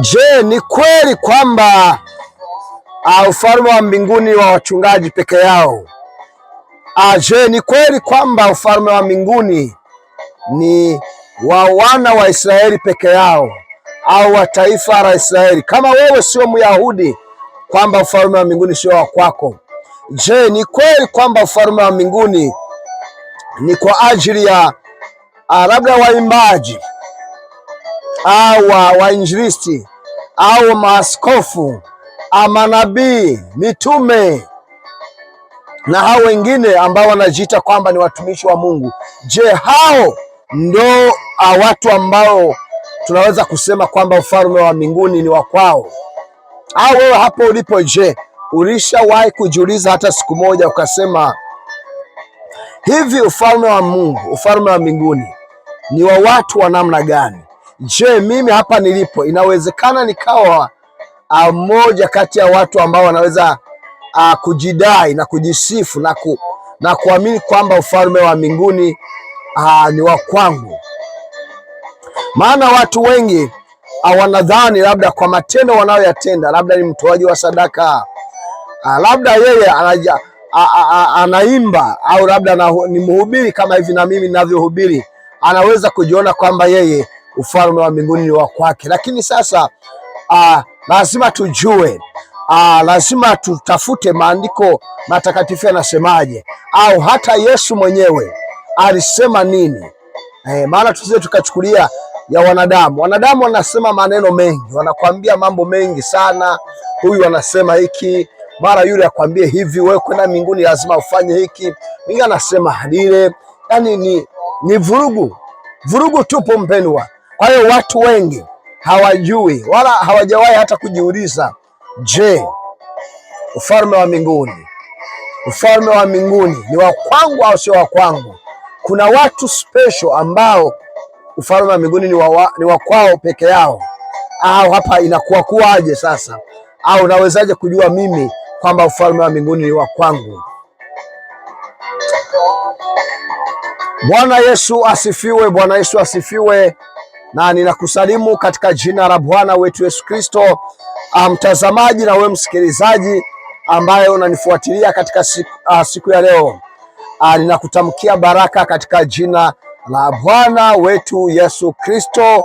Je, ni kweli kwamba uh, ufalme wa mbinguni wa wachungaji peke yao? Uh, je, ni kweli kwamba ufalme wa mbinguni ni wa wana wa Israeli peke yao au wa taifa la Israeli? Kama wewe sio Myahudi, kwamba ufalme wa mbinguni sio wa kwako. Je, ni kweli kwamba ufalme wa mbinguni ni kwa ajili ya ah, labda waimbaji hawa wainjilisti au maaskofu amanabii mitume na hao wengine ambao wanajiita kwamba ni watumishi wa Mungu. Je, hao ndo ah, watu ambao tunaweza kusema kwamba ufalme wa mbinguni ni wa kwao? Au wewe hapo ulipo, je, ulishawahi kujiuliza hata siku moja ukasema hivi, ufalme wa Mungu, ufalme wa mbinguni ni wa watu wa namna gani? Je, mimi hapa nilipo inawezekana nikawa a, ah, mmoja kati ya watu ambao wanaweza a, ah, kujidai na kujisifu na, ku, na kuamini kwamba ufalme wa mbinguni ah, ni wa kwangu? Maana watu wengi wanadhani labda kwa matendo wanayoyatenda, labda ni mtoaji wa sadaka a, labda yeye anaja A, a, anaimba au labda na, ni mhubiri kama hivi na mimi ninavyohubiri, anaweza kujiona kwamba yeye ufalme wa mbinguni ni wa kwake. Lakini sasa uh, lazima tujue Aa, ah, lazima tutafute maandiko matakatifu yanasemaje, au hata Yesu mwenyewe alisema nini? E, maana tusije tukachukulia ya wanadamu. Wanadamu wanasema maneno mengi, wanakwambia mambo mengi sana. Huyu anasema hiki, mara yule akwambie hivi, wewe kwenda mbinguni lazima ufanye hiki, mingi anasema lile. Yani ni, ni vurugu vurugu tupo, mpendwa. Kwa hiyo watu wengi hawajui wala hawajawahi hata kujiuliza, je, ufalme wa mbinguni ufalme wa mbinguni ni wa kwangu au sio wa kwangu? Kuna watu special ambao ufalme wa mbinguni ni wa, ni wa kwao peke yao, au hapa inakuwa kuwaje sasa? Au nawezaje kujua mimi kwamba ufalme wa mbinguni ni wa kwangu? Bwana Yesu asifiwe! Bwana Yesu asifiwe! na ninakusalimu katika jina la Bwana wetu Yesu Kristo. Ah, mtazamaji na wewe msikilizaji ambaye unanifuatilia katika siku, uh, siku ya leo uh, ninakutamkia baraka katika jina la Bwana wetu Yesu Kristo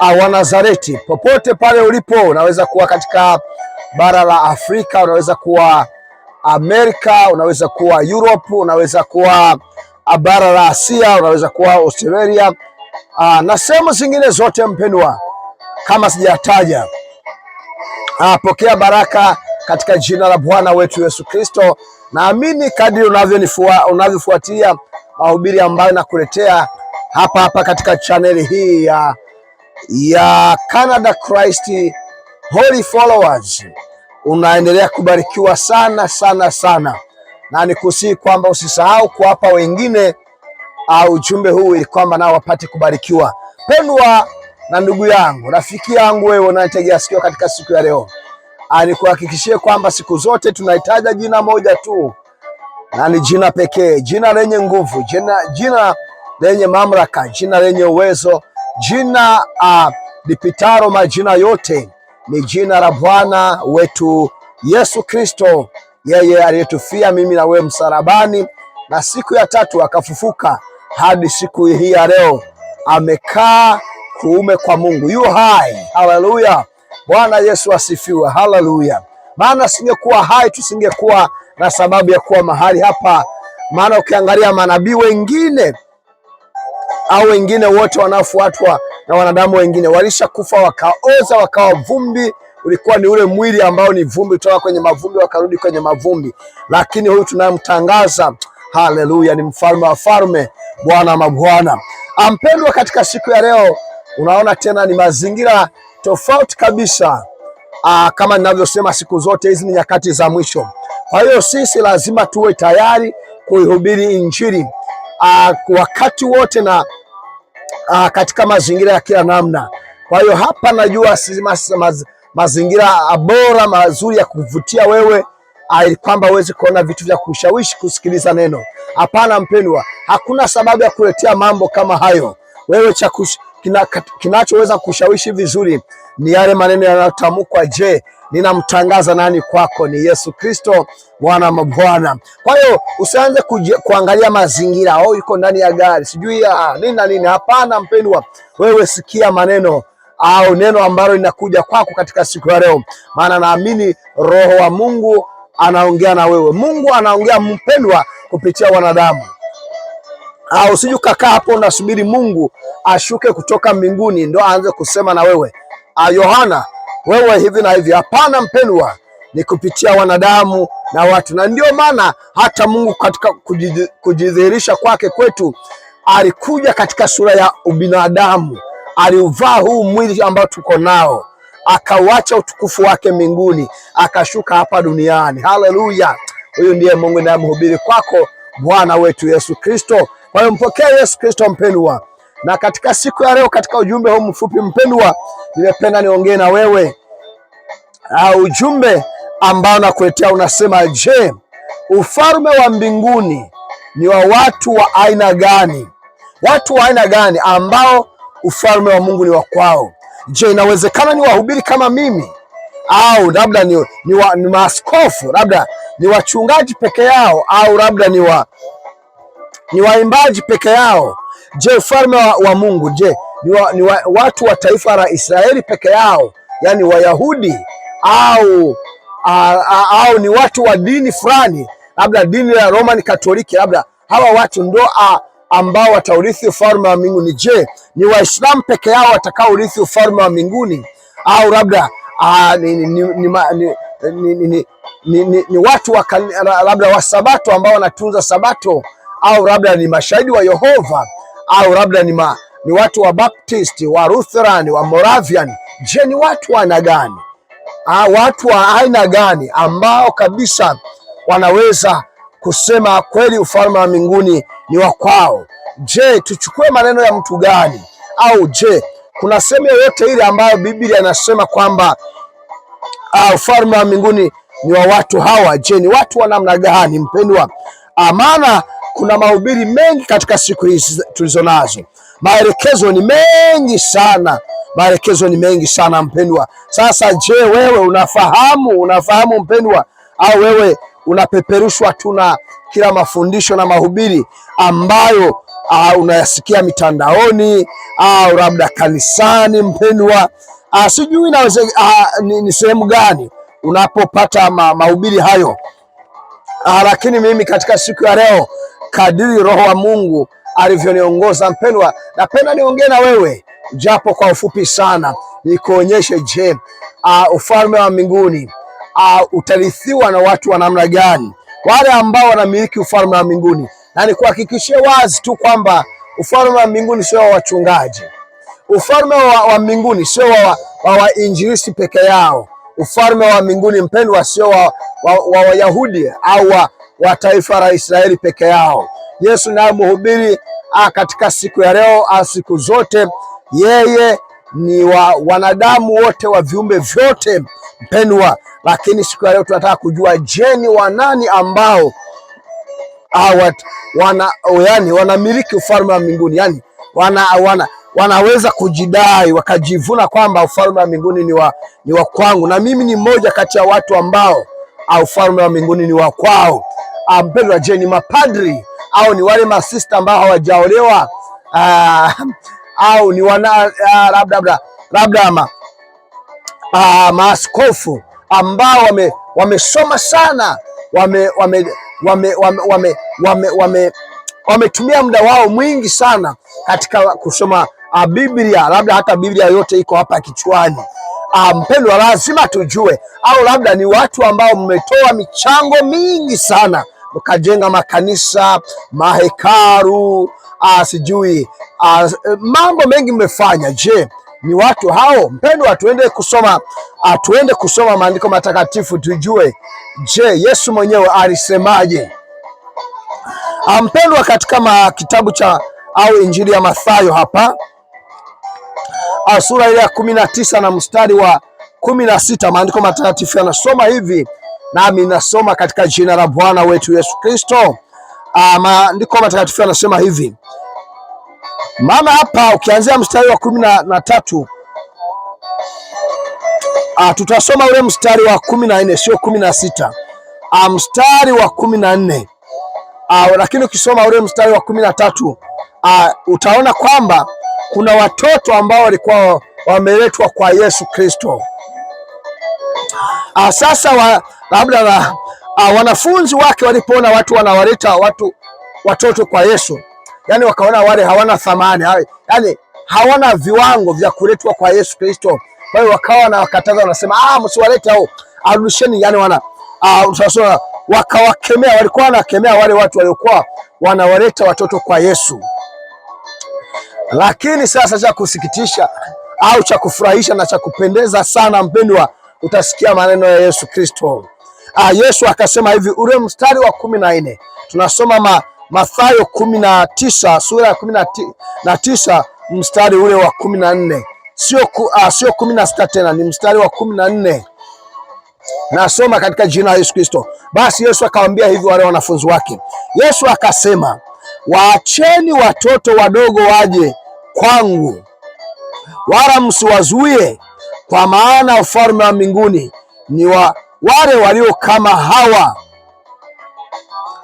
uh, wa Nazareti. Popote pale ulipo, unaweza kuwa katika bara la Afrika, unaweza kuwa Amerika, unaweza kuwa Europe, unaweza kuwa bara la Asia, unaweza kuwa Australia Ah, na sehemu zingine zote. Mpendwa, kama sijataja, ah, pokea baraka katika jina la Bwana wetu Yesu Kristo. Naamini kadri unavyofuatia mahubiri ambayo nakuletea hapa hapa katika chaneli hii ya, ya Canada Christ Holy Followers unaendelea kubarikiwa sana sana sana, na nikusihi kwamba usisahau kuwapa wengine uh, ujumbe huu ili kwamba nao wapate kubarikiwa. Pendwa na ndugu yangu, rafiki yangu, wewe unayetegea sikio katika siku ya leo, ah, nikuhakikishie kwamba siku zote tunahitaji jina moja tu, na ni jina pekee, jina lenye nguvu, jina, jina lenye mamlaka, jina lenye uwezo, jina uh, ah, lipitaro majina yote, ni jina la Bwana wetu Yesu Kristo, yeye aliyetufia mimi na wewe msalabani na siku ya tatu akafufuka hadi siku hii ya leo, amekaa kuume kwa Mungu, yu hai. Haleluya! Bwana Yesu asifiwe, haleluya. Maana singekuwa hai, tusingekuwa na sababu ya kuwa mahali hapa, maana ukiangalia manabii wengine au wengine wote wanaofuatwa na wanadamu wengine walishakufa wakaoza, wakawa vumbi. Ulikuwa ni ule mwili ambao ni vumbi, kutoka kwenye mavumbi wakarudi kwenye mavumbi, lakini huyu tunayemtangaza Haleluya, ni mfalme wa falme, Bwana mabwana. Ampendwa, ah, katika siku ya leo unaona tena ni mazingira tofauti kabisa. Aa, ah, kama ninavyosema siku zote hizi ni nyakati za mwisho, kwa hiyo sisi lazima tuwe tayari kuihubiri injili ah, wakati wote na aa, katika mazingira ya kila namna. Kwa hiyo hapa najua maz, mazingira bora mazuri ya kuvutia wewe kwamba uweze kuona vitu vya kushawishi kusikiliza neno. Hapana mpendwa, hakuna sababu ya kuletea mambo kama hayo. Wewe cha kina, kinachoweza kushawishi vizuri ni yale maneno yanayotamkwa. Je, ninamtangaza nani kwako? Ni Yesu Kristo Bwana mabwana. Kwa hiyo usianze kuangalia mazingira, oh, yuko ndani ya gari sijui ya, nini na nini. Hapana mpendwa, wewe sikia maneno au neno ambalo linakuja kwako katika siku ya leo, maana naamini roho wa Mungu anaongea na wewe. Mungu anaongea mpendwa, kupitia wanadamu. Ah, Usije ukakaa hapo unasubiri Mungu ashuke kutoka mbinguni ndo aanze kusema na wewe, ah, Yohana wewe hivi na hivi. Hapana mpendwa, ni kupitia wanadamu na watu, na ndio maana hata Mungu katika kujidhihirisha kwake kwetu alikuja katika sura ya ubinadamu, aliuvaa huu mwili ambao tuko nao akauacha utukufu wake mbinguni akashuka hapa duniani. Haleluya! Huyu ndiye Mungu inayemhubiri kwako Bwana wetu Yesu Kristo. Kwa hiyo mpokee Yesu Kristo mpendwa. Na katika siku ya leo, katika ujumbe huu mfupi mpendwa, nimependa niongee na wewe uh, ujumbe ambao nakuletea unasema, je, ufalme wa mbinguni ni wa watu wa aina gani? Watu wa aina gani ambao ufalme wa Mungu ni wa kwao? Je, inawezekana ni wahubiri kama mimi au labda ni, ni, wa, ni maaskofu labda ni wachungaji peke yao au labda ni, wa, ni waimbaji peke yao? Je, ufalme wa, wa Mungu je ni, wa, ni wa, watu wa taifa la Israeli peke yao, yani Wayahudi au, a, a, au ni watu wa dini fulani labda dini la Roman Katoliki labda hawa watu ndo a, ambao wataurithi ufalme wa mbinguni. Je, ni Waislamu peke yao watakaourithi ufalme wa mbinguni au labda ah, ni, ni, ni, ni, ni, ni, ni, ni, ni watu wa labda wa Sabato ambao wanatunza Sabato au labda ni mashahidi wa Yehova au labda ni, ma, ni watu wa Baptist, wa Lutheran, wa Moravian. Je, ni watu wa aina gani? Ah, watu wa aina gani ambao kabisa wanaweza kusema kweli ufalme wa mbinguni ni wa kwao. Je, tuchukue maneno ya mtu gani? Au je, kuna sehemu yoyote ile ambayo Biblia inasema kwamba ah, ufalme wa mbinguni ni wa watu hawa? Je, ni watu wa namna gani, mpendwa? Ah, maana kuna mahubiri mengi katika siku hizi tulizo nazo, maelekezo ni mengi sana, maelekezo ni mengi sana mpendwa. Sasa je, wewe unafahamu? Unafahamu mpendwa, au wewe unapeperushwa tu na kila mafundisho na mahubiri ambayo uh, unayasikia mitandaoni au uh, labda kanisani mpendwa, uh, sijui naweze uh, ah, ni, ni sehemu gani unapopata ma, mahubiri hayo uh, lakini mimi katika siku ya leo kadiri Roho wa Mungu alivyoniongoza mpendwa, napenda niongee na wewe japo kwa ufupi sana, nikuonyeshe je, uh, ufalme wa mbinguni uh, utarithiwa na watu wa namna gani? wale ambao wanamiliki ufalme wa mbinguni, na nikuhakikishie wazi tu kwamba ufalme wa mbinguni sio wa wachungaji. Ufalme wa, wa mbinguni sio wa wainjilisti wa peke yao. Ufalme wa mbinguni mpendwa, sio wa Wayahudi wa, wa au wa, wa taifa la Israeli peke yao. Yesu naye mhubiri ah, katika siku ya leo, siku zote yeye ni wa wanadamu wote wa viumbe vyote mpendwa, lakini siku ya leo tunataka kujua, je, ni wanani ambao hawa wana yani wanamiliki ufalme wa mbinguni yani wana, wana, wanaweza kujidai wakajivuna kwamba ufalme wa mbinguni ni wa, ni wa kwangu, na mimi ni mmoja kati ya watu ambao ufalme wa mbinguni ni wa kwao. Mpendwa, je, ni mapadri au ni wale masista ambao hawajaolewa? au ni wana ah, labda labda ma, ah, maaskofu ambao wame, wamesoma sana wametumia wame, wame, wame, wame, wame, wame muda wao mwingi sana katika kusoma uh, Biblia, labda hata Biblia yote iko hapa kichwani. Mpendwa, um, lazima tujue, au labda ni watu ambao mmetoa michango mingi sana mkajenga makanisa, mahekaru uh, sijui uh, mambo mengi mmefanya. Je, ni watu hao? Mpendwa, tuende kusoma uh, tuende kusoma maandiko matakatifu tujue, je, Yesu mwenyewe alisemaje? Mpendwa, katika ma kitabu cha au injili ya Mathayo hapa sura ile ya kumi na tisa na mstari wa kumi na sita maandiko matakatifu yanasoma hivi, nami nasoma katika jina la Bwana wetu Yesu Kristo. Ah, maandiko matakatifu yanasema hivi. Maana hapa ukianzia mstari wa kumi na tatu ah, tutasoma ule mstari wa kumi na nne sio kumi na sita ah, mstari wa kumi na nne lakini ukisoma ule mstari wa kumi na tatu utaona kwamba kuna watoto ambao walikuwa wameletwa kwa Yesu Kristo. Sasa wa, labda ah, wanafunzi wake walipoona watu wanawaleta watu watoto kwa Yesu, yani wakaona wale hawana thamani, yani hawana viwango vya kuletwa kwa Yesu Kristo. Kwa hiyo wakawa na wakataza, wanasema ah, msiwalete hao, arudisheni. Yani wana ah, wakawakemea, walikuwa wanakemea wale watu waliokuwa wanawaleta watoto kwa Yesu. Lakini sasa cha kusikitisha au cha kufurahisha na cha kupendeza sana, mpendwa, utasikia maneno ya Yesu Kristo ah, Yesu akasema hivi ule mstari wa kumi na nne tunasoma ma, Mathayo kumi na tisa sura ya kumi na tisa mstari ule wa kumi na nne sio ku, ah, sio kumi na sita tena ni mstari wa kumi na nne nasoma katika jina la Yesu Kristo. Basi Yesu akawaambia hivi wale wanafunzi wake, Yesu akasema waacheni watoto wadogo waje kwangu, wala msiwazuie, kwa maana ufalme wa mbinguni ni wa wale walio kama hawa.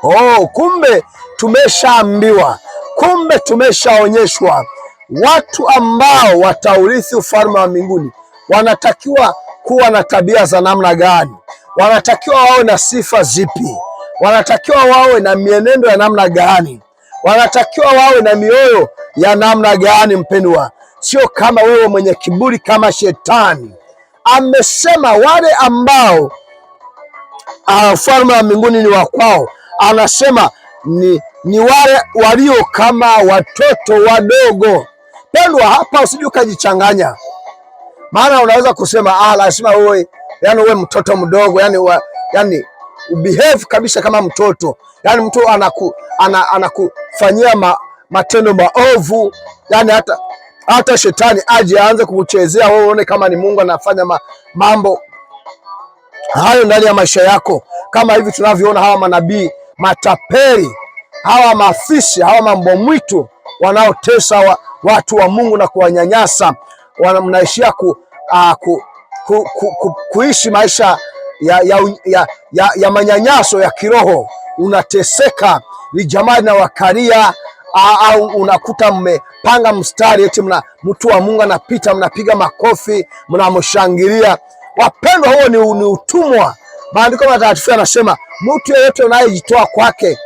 Oh, kumbe tumeshaambiwa, kumbe tumeshaonyeshwa watu ambao wataurithi ufalme wa mbinguni wanatakiwa kuwa na tabia za namna gani? Wanatakiwa wawe na sifa zipi? Wanatakiwa wawe na mienendo ya namna gani? Wanatakiwa wawe na mioyo ya namna gani? Mpendwa, sio kama wewe mwenye kiburi kama shetani. Amesema wale ambao ufalme ah, wa mbinguni ni wa kwao. Anasema ni, ni wale walio kama watoto wadogo. Pendwa, hapa usije ukajichanganya, maana unaweza kusema ah, lazima wewe yani wewe mtoto mdogo yani, wa, yani ubehave kabisa kama mtoto yani mtu anaku, ana, anakufanyia ma, matendo maovu yani hata hata shetani aje aanze kukuchezea wewe uone kama ni Mungu anafanya ma, mambo hayo ndani ya maisha yako, kama hivi tunavyoona hawa manabii matapeli, hawa maafisi, hawa mambo mwitu wanaotesa wa, watu wa Mungu na kuwanyanyasa, mnaishia ku, uh, ku, ku, ku, ku, kuishi maisha ya, ya, ya, ya, ya manyanyaso ya kiroho. Unateseka ni jamaa na au unakuta mmepanga mstari, eti mna mtu wa Mungu anapita, mnapiga makofi, mnamshangilia. Wapendwa, huo ni, ni utumwa. Maandiko matakatifu yanasema mtu yeyote unayejitoa kwake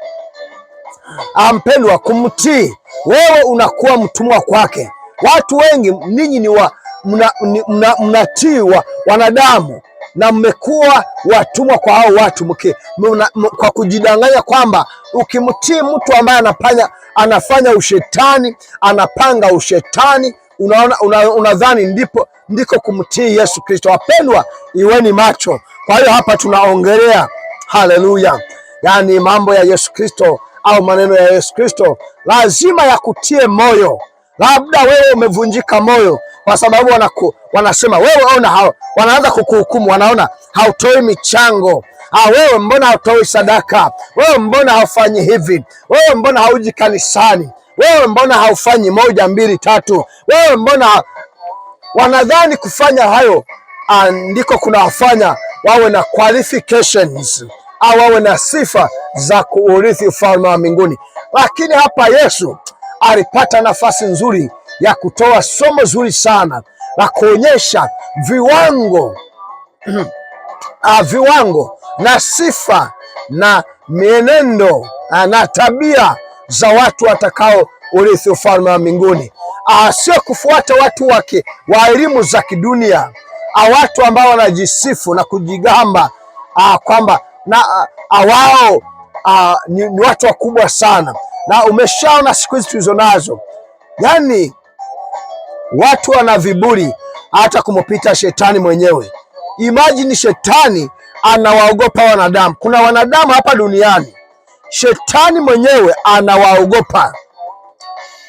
ampendwa ah, kumtii wewe unakuwa mtumwa kwake. Watu wengi ninyi ni wa, mnatii mna, mna wa wanadamu na mmekuwa watumwa kwa hao watu mke, muna, m, kwa kujidanganya kwamba ukimtii mtu ambaye anafanya, anafanya ushetani anapanga ushetani unadhani una, una ndipo ndiko kumtii Yesu Kristo. Wapendwa, iweni macho. Kwa hiyo hapa tunaongelea haleluya, yaani mambo ya Yesu Kristo au maneno ya Yesu Kristo lazima ya kutie moyo. Labda wewe umevunjika moyo kwa sababu wanaku, wanasema wewe ona hao, wanaanza kukuhukumu, wanaona hautoi michango Ha, ah, wewe mbona hautoi sadaka? Wewe mbona haufanyi hivi? Wewe mbona hauji kanisani? Wewe mbona haufanyi moja, mbili, tatu? Wewe mbona wanadhani kufanya hayo ah, ndiko kunawafanya wawe na qualifications au wawe na sifa za kuurithi ufalme wa mbinguni. Lakini hapa Yesu alipata nafasi nzuri ya kutoa somo zuri sana la kuonyesha viwango a, ah, viwango na sifa na mienendo ah, na tabia za watu watakao urithi ufalme wa mbinguni, ah, sio kufuata watu wake wa elimu za kidunia, ah, watu ambao wanajisifu na kujigamba ah, kwamba na wao ni, ni watu wakubwa sana, na umeshaona siku hizi tulizo nazo, yani watu wana viburi hata kumpita shetani mwenyewe. Imajini, shetani anawaogopa wanadamu. Kuna wanadamu hapa duniani Shetani mwenyewe anawaogopa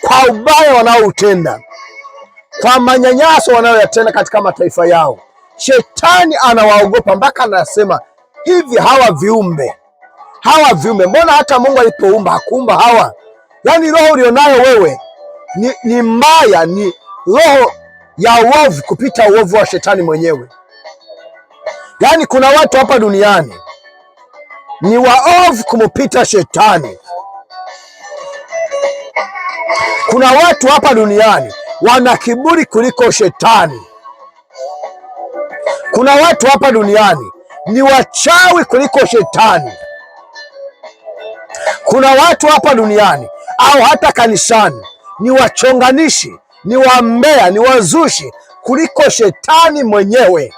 kwa ubaya wanaoutenda, kwa manyanyaso wanayoyatenda katika mataifa yao. Shetani anawaogopa mpaka anasema hivi, hawa viumbe hawa viumbe, mbona hata Mungu alipoumba hakuumba hawa? Yaani roho ulionayo wewe ni, ni mbaya, ni roho ya uovu kupita uovu wa shetani mwenyewe. Yaani kuna watu hapa duniani ni waovu kumpita shetani. Kuna watu hapa duniani wana kiburi kuliko shetani. Kuna watu hapa duniani ni wachawi kuliko shetani. Kuna watu hapa duniani au hata kanisani ni wachonganishi, ni wambea, ni wazushi kuliko shetani mwenyewe.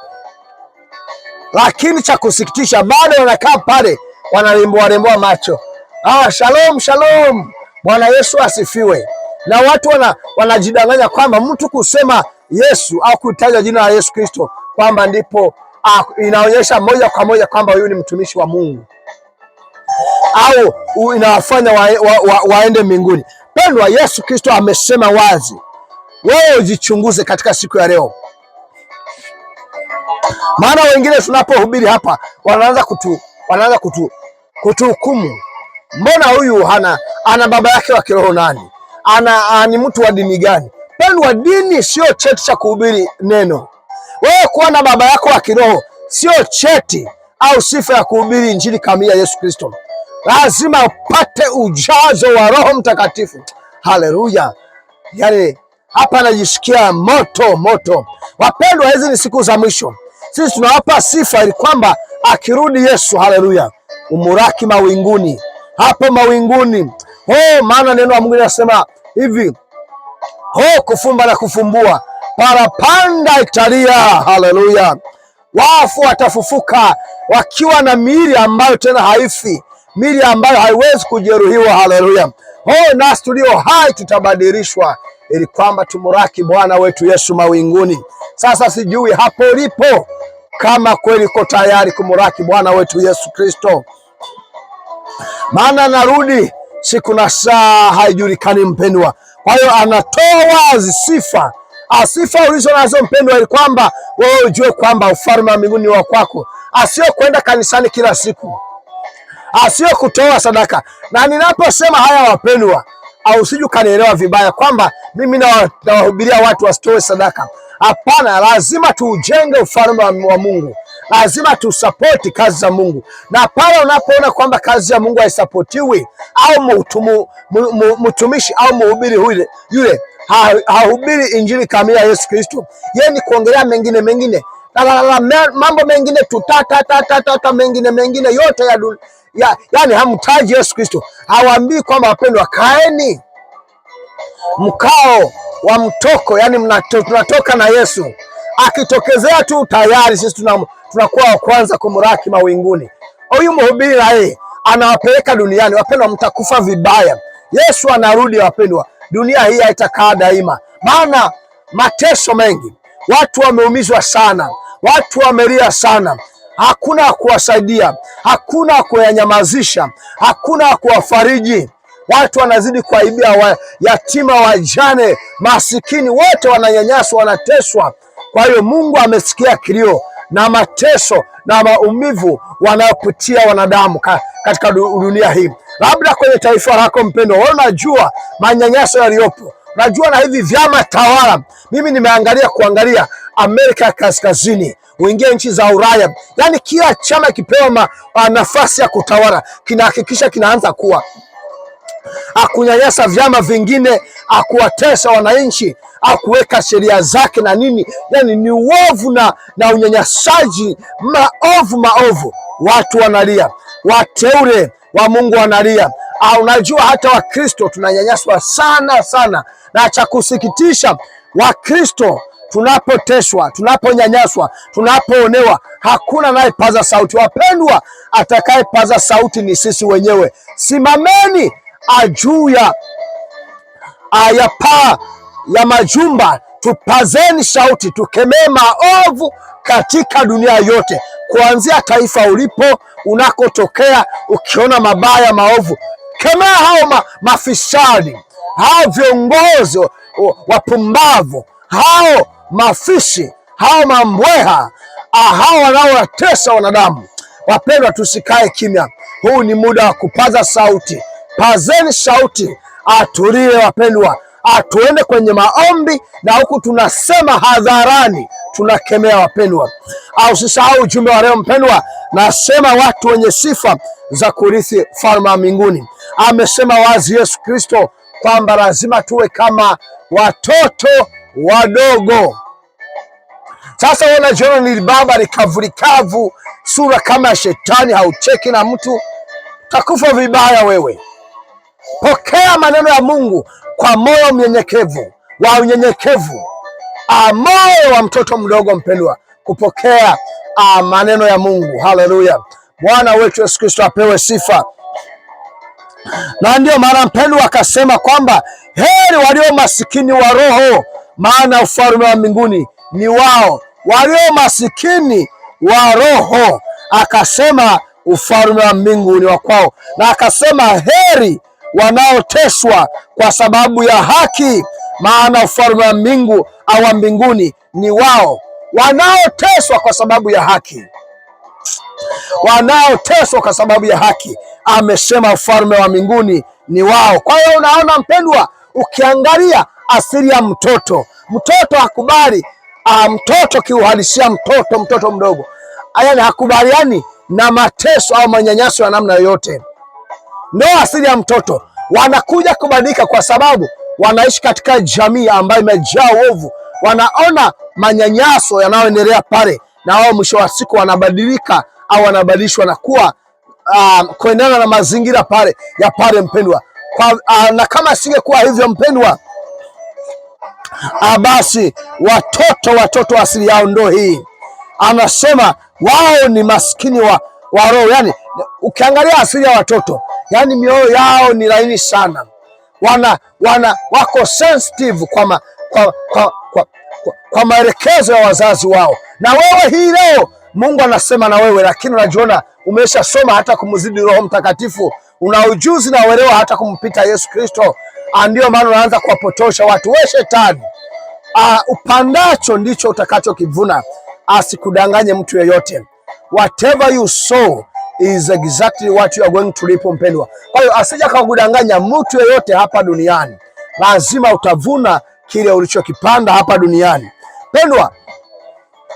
Lakini cha kusikitisha, bado wanakaa pale wanalemboa lemboa macho. Ah, shalom shalom, Bwana Yesu asifiwe. Na watu wana, wanajidanganya kwamba mtu kusema Yesu au kutaja jina la Yesu Kristo kwamba ndipo ah, inaonyesha moja kwa moja kwamba huyu ni mtumishi wa Mungu au inawafanya wa, wa, wa, waende mbinguni. Pendwa, Yesu Kristo amesema wazi, wewe ujichunguze katika siku ya leo, maana wengine tunapohubiri hapa wanaanza kutu, wanaanza kutu kutuhukumu. Mbona huyu hana ana baba yake wa kiroho nani? Ana ni mtu wa dini gani? Pendwa, dini sio cheti cha kuhubiri neno. Wewe kuwa na baba yako wa kiroho sio cheti au sifa ya kuhubiri injili kamili ya Yesu Kristo. Lazima upate ujazo wa Roho Mtakatifu. Haleluya! Yani hapa anajisikia moto moto. Wapendwa, hizi ni siku za mwisho, sisi tunawapa sifa ili kwamba akirudi Yesu, haleluya, umuraki mawinguni, hapo mawinguni. Oh, maana neno la Mungu linasema hivi, oh, kufumba na kufumbua, parapanda italia, haleluya. Wafu watafufuka wakiwa na miili ambayo tena haifi, miili ambayo haiwezi kujeruhiwa, haleluya. Oh, nasi tulio hai tutabadilishwa ili kwamba tumuraki Bwana wetu Yesu mawinguni. Sasa sijui hapo ulipo kama kweli uko tayari kumuraki Bwana wetu Yesu Kristo. Maana narudi siku na saa haijulikani, mpendwa. Kwa hiyo anatoa wazi sifa asifa ulizo nazo mpendwa, ili kwamba wewe ujue kwamba ufalme wa mbinguni ni wa kwako, asio kwenda kanisani kila siku, asio kutoa sadaka. Na ninaposema haya wapendwa, au usije vibaya kwamba mimi nawahubiria watu wasitoe sadaka. Hapana, lazima tuujenge ufalme wa Mungu, lazima tusapoti kazi za Mungu. Na pale unapoona kwamba kazi ya Mungu haisapotiwi au mutumu, mtumishi au mhubiri yule yule hahubiri injili kamili ya Yesu Kristo, yeye ni kuongelea mengine mengine la, la, la, la, mambo mengine tu mengine mengine yote ya, ya, yani hamtaji Yesu Kristo, hawaambii kwamba wapendwa, kaeni mkao wa mtoko, yani tunatoka na Yesu akitokezea tu tayari sisi tunakuwa tuna wa kwanza kumraki mawinguni. Huyu mhubiri na yeye anawapeleka duniani. Wapendwa, mtakufa vibaya, Yesu anarudi. Wapendwa, dunia hii haitakaa daima, maana mateso mengi, watu wameumizwa sana, watu wamelia sana, hakuna kuwasaidia, hakuna kuyanyamazisha, hakuna kuwafariji watu wanazidi kuaibia wa, yatima, wajane, masikini, wote wananyanyaswa, wanateswa. Kwa hiyo Mungu amesikia kilio na mateso na maumivu wanayopitia wanadamu ka, katika dunia hii. Labda kwenye taifa lako mpendwa, wewe unajua manyanyaso yaliyopo, unajua na hivi vyama tawala. Mimi nimeangalia kuangalia Amerika ya Kaskazini, uingie nchi za Ulaya, yaani kila chama kipewa nafasi ya kutawala kinahakikisha kinaanza kuwa akunyanyasa vyama vingine, akuwatesa wananchi, akuweka sheria zake na nini. Yani ni uovu na, na unyanyasaji maovu maovu. Watu wanalia, wateule wa Mungu wanalia. Ah, unajua hata Wakristo tunanyanyaswa sana sana, na cha kusikitisha Wakristo tunapoteshwa tunaponyanyaswa, tunapoonewa, hakuna anayepaza sauti. Wapendwa, atakayepaza sauti ni sisi wenyewe. Simameni juu ya ya paa ya majumba. Tupazeni sauti, tukemee maovu katika dunia yote, kuanzia taifa ulipo, unakotokea. Ukiona mabaya maovu, kemea hao ma, mafisadi, hao viongozi wapumbavu, hao mafishi, hao mambweha, hao wanaowatesa wanadamu. Wapendwa, tusikae kimya. Huu ni muda wa kupaza sauti pazeni sauti, atulie wapendwa, atuende kwenye maombi, na huku tunasema hadharani, tunakemea wapendwa. Au usisahau ujumbe wa leo mpendwa, nasema watu wenye sifa za kurithi falme ya mbinguni. Amesema wazi Yesu Kristo kwamba lazima tuwe kama watoto wadogo. Sasa wana jiona ni ni kavulikavu, sura kama ya shetani, haucheki na mtu, takufa vibaya wewe. Pokea maneno ya Mungu kwa moyo mnyenyekevu wa unyenyekevu, moyo wa mtoto mdogo mpendwa, kupokea a, maneno ya Mungu. Haleluya! Bwana wetu Yesu Kristo apewe sifa. Na ndiyo maana mpendwa, akasema kwamba heri walio masikini wa roho, maana ufalme wa mbinguni ni wao. Walio masikini wa roho, akasema ufalme wa mbinguni wa kwao, na akasema heri wanaoteswa kwa sababu ya haki, maana ufalme wa mbingu au wa mbinguni ni wao. Wanaoteswa kwa sababu ya haki, wanaoteswa kwa sababu ya haki, amesema ufalme wa mbinguni ni wao. Kwa hiyo unaona mpendwa, ukiangalia asili ya mtoto, mtoto hakubali ah, mtoto kiuhalisia, mtoto mtoto mdogo, yaani hakubaliani na mateso au manyanyaso ya namna yoyote. Ndoa asili ya mtoto, wanakuja kubadilika kwa sababu wanaishi katika jamii ambayo imejaa uovu, wanaona manyanyaso yanayoendelea pale, na wao mwisho wa siku wanabadilika au wanabadilishwa na kuwa uh, kuendana na mazingira pale ya pale mpendwa kwa, uh, na kama singekuwa hivyo mpendwa uh, basi watoto watoto asili yao ndo hii, anasema wao ni maskini wa, wa roho. Yani ukiangalia asili ya watoto yani mioyo yao ni laini sana, wana, wana wako sensitive kwa, ma, kwa, kwa, kwa, kwa, kwa maelekezo ya wazazi wao. Na wewe hii leo Mungu anasema na wewe, lakini unajiona umeshasoma hata kumzidi Roho Mtakatifu, una ujuzi na uelewa hata kumpita Yesu Kristo. Ah, ndio maana unaanza kuwapotosha watu. We shetani, ah, upandacho ndicho utakachokivuna. Asikudanganye ah, mtu yeyote, whatever you sow is exactly what you are going to reap mpendwa. Kwa hiyo asija kukudanganya mtu yeyote hapa duniani, lazima utavuna kile ulichokipanda hapa duniani pendwa,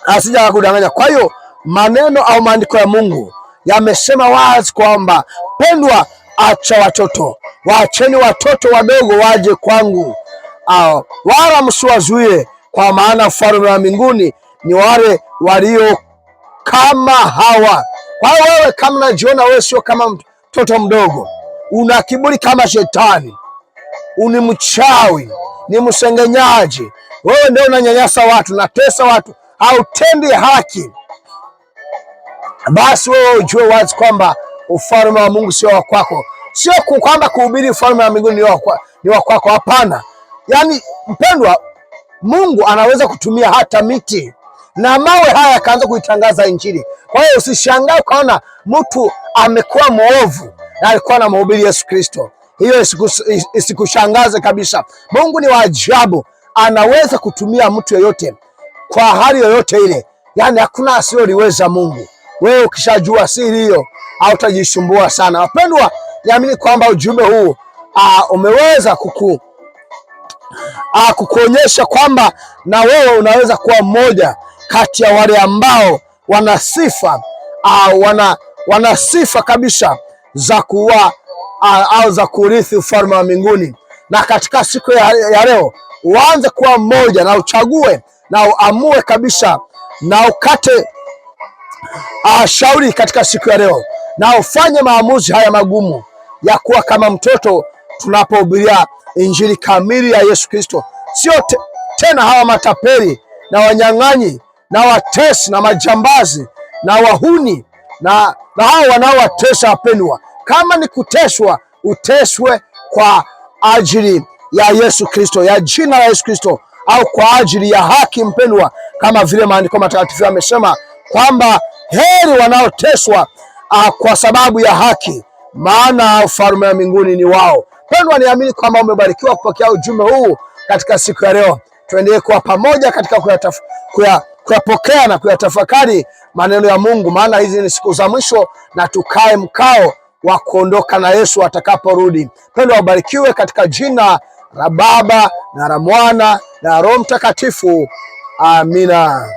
asija kukudanganya. Kwa hiyo maneno au maandiko ya Mungu yamesema wazi kwamba pendwa, acha watoto, waacheni watoto wadogo waje kwangu, au wala msiwazuie, kwa maana ufalme wa mbinguni ni wale walio kama hawa. Kwa hiyo wewe kama unajiona wewe sio kama mtoto mdogo, una kiburi kama shetani, uni mchawi, ni msengenyaji, wewe ndio unanyanyasa watu, natesa watu, hautendi haki, basi wewe ujue wazi kwamba ufalme wa Mungu sio wa kwako. Sio kwamba kuhubiri ufalme wa mbinguni ni wa kwako, hapana. Yaani mpendwa, Mungu anaweza kutumia hata miti na mawe haya akaanza kuitangaza Injili. Kwa hiyo usishangae ukaona mtu amekuwa mwovu na alikuwa na mahubiri Yesu Kristo, hiyo isikushangaze kabisa. Mungu ni wa ajabu, anaweza kutumia mtu yeyote kwa hali yoyote ile, yaani hakuna asiyoliweza Mungu. Wewe ukishajua siri hiyo hautajisumbua sana. Wapendwa, niamini kwamba ujumbe huu uh, umeweza kuku ah, kukuonyesha kwamba na wewe unaweza kuwa mmoja kati ya wale ambao wana sifa wana, wana sifa kabisa za kuwa au za kurithi ufalme wa mbinguni. Na katika siku ya, ya leo uanze kuwa mmoja na uchague na uamue kabisa na ukate uh, shauri katika siku ya leo na ufanye maamuzi haya magumu ya kuwa kama mtoto tunapohubiria injili kamili ya Yesu Kristo, sio te, tena hawa matapeli na wanyang'anyi na watesi na majambazi na wahuni na, na hao wanaowatesa wapendwa. Kama ni kuteswa, uteswe kwa ajili ya Yesu Kristo, ya jina la Yesu Kristo, au kwa ajili ya haki mpendwa, kama vile maandiko matakatifu yamesema kwamba heri wanaoteswa uh, kwa sababu ya haki, maana ufalme wa mbinguni ni wao. Pendwa, niamini kwamba umebarikiwa kupokea ujumbe huu katika siku ya leo. Tuendelee kuwa pamoja katika kuyatafuta kuyapokea na kuyatafakari maneno ya Mungu, maana hizi ni siku za mwisho na tukae mkao wa kuondoka na Yesu atakaporudi. Pendo wabarikiwe katika jina la Baba na la Mwana na Roho Mtakatifu. Amina.